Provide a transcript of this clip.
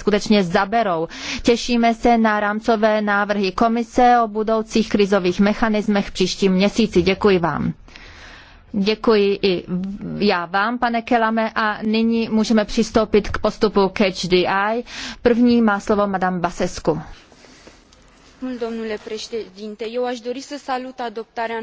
skutečně zaberou. Těšíme se na rámcové návrhy komise o budoucích krizových mechanismech v příštím měsíci. Děkuji vám. Děkuji i já vám, pane Kelame, a nyní můžeme přistoupit k postupu Catch the Eye. První má slovo madame Basescu. Domnule președinte, eu aș dori să salut adoptarea